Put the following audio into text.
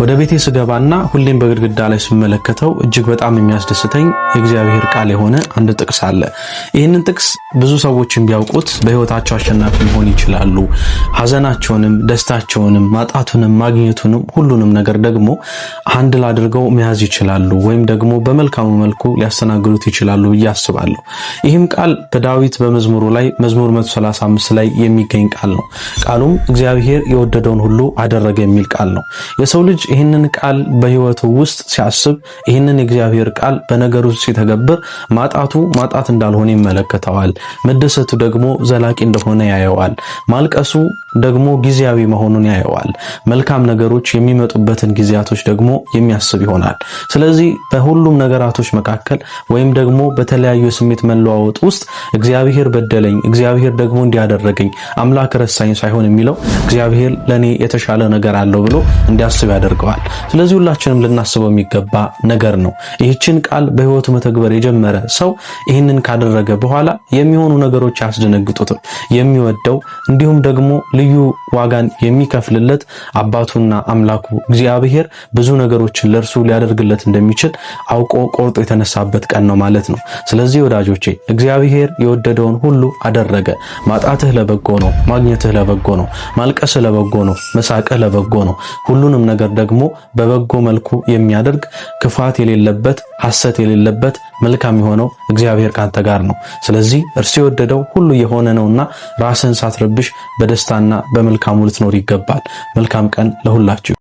ወደ ቤቴ ስገባና ሁሌም በግድግዳ ላይ ስመለከተው እጅግ በጣም የሚያስደስተኝ የእግዚአብሔር ቃል የሆነ አንድ ጥቅስ አለ። ይህንን ጥቅስ ብዙ ሰዎችን ቢያውቁት በሕይወታቸው አሸናፊ መሆን ይችላሉ። ሐዘናቸውንም፣ ደስታቸውንም፣ ማጣቱንም፣ ማግኘቱንም ሁሉንም ነገር ደግሞ አንድል አድርገው መያዝ ይችላሉ ወይም ደግሞ በመልካሙ መልኩ ሊያስተናግዱት ይችላሉ ብዬ አስባለሁ። ይህም ቃል በዳዊት በመዝሙሩ ላይ መዝሙር 135 ላይ የሚገኝ ቃል ነው። ቃሉም እግዚአብሔር የወደደውን ሁሉ አደረገ የሚል ቃል ነው። የሰው ልጅ ይህንን ቃል በህይወቱ ውስጥ ሲያስብ ይህንን የእግዚአብሔር ቃል በነገር ውስጥ ሲተገብር ማጣቱ ማጣት እንዳልሆነ ይመለከተዋል። መደሰቱ ደግሞ ዘላቂ እንደሆነ ያየዋል። ማልቀሱ ደግሞ ጊዜያዊ መሆኑን ያየዋል። መልካም ነገሮች የሚመጡበትን ጊዜያቶች ደግሞ የሚያስብ ይሆናል። ስለዚህ በሁሉም ነገራቶች መካከል ወይም ደግሞ በተለያዩ የስሜት መለዋወጥ ውስጥ እግዚአብሔር በደለኝ፣ እግዚአብሔር ደግሞ እንዲያደረገኝ አምላክ ረሳኝ ሳይሆን የሚለው እግዚአብሔር ለእኔ የተሻለ ነገር አለው ብሎ እንዲያስብ ያደርጋል። ያደርገዋል። ስለዚህ ሁላችንም ልናስበው የሚገባ ነገር ነው። ይህችን ቃል በህይወቱ መተግበር የጀመረ ሰው ይህንን ካደረገ በኋላ የሚሆኑ ነገሮች አያስደነግጡትም። የሚወደው እንዲሁም ደግሞ ልዩ ዋጋን የሚከፍልለት አባቱና አምላኩ እግዚአብሔር ብዙ ነገሮችን ለእርሱ ሊያደርግለት እንደሚችል አውቆ ቆርጦ የተነሳበት ቀን ነው ማለት ነው። ስለዚህ ወዳጆቼ እግዚአብሔር የወደደውን ሁሉ አደረገ። ማጣትህ ለበጎ ነው፣ ማግኘትህ ለበጎ ነው፣ ማልቀስህ ለበጎ ነው፣ መሳቅህ ለበጎ ነው። ሁሉንም ነገር ደግሞ ደግሞ በበጎ መልኩ የሚያደርግ ክፋት የሌለበት ሐሰት የሌለበት መልካም የሆነው እግዚአብሔር ካንተ ጋር ነው። ስለዚህ እርሱ የወደደው ሁሉ የሆነ ነውና ራስህን ሳትረብሽ በደስታና በመልካሙ ልትኖር ይገባል። መልካም ቀን ለሁላችሁ።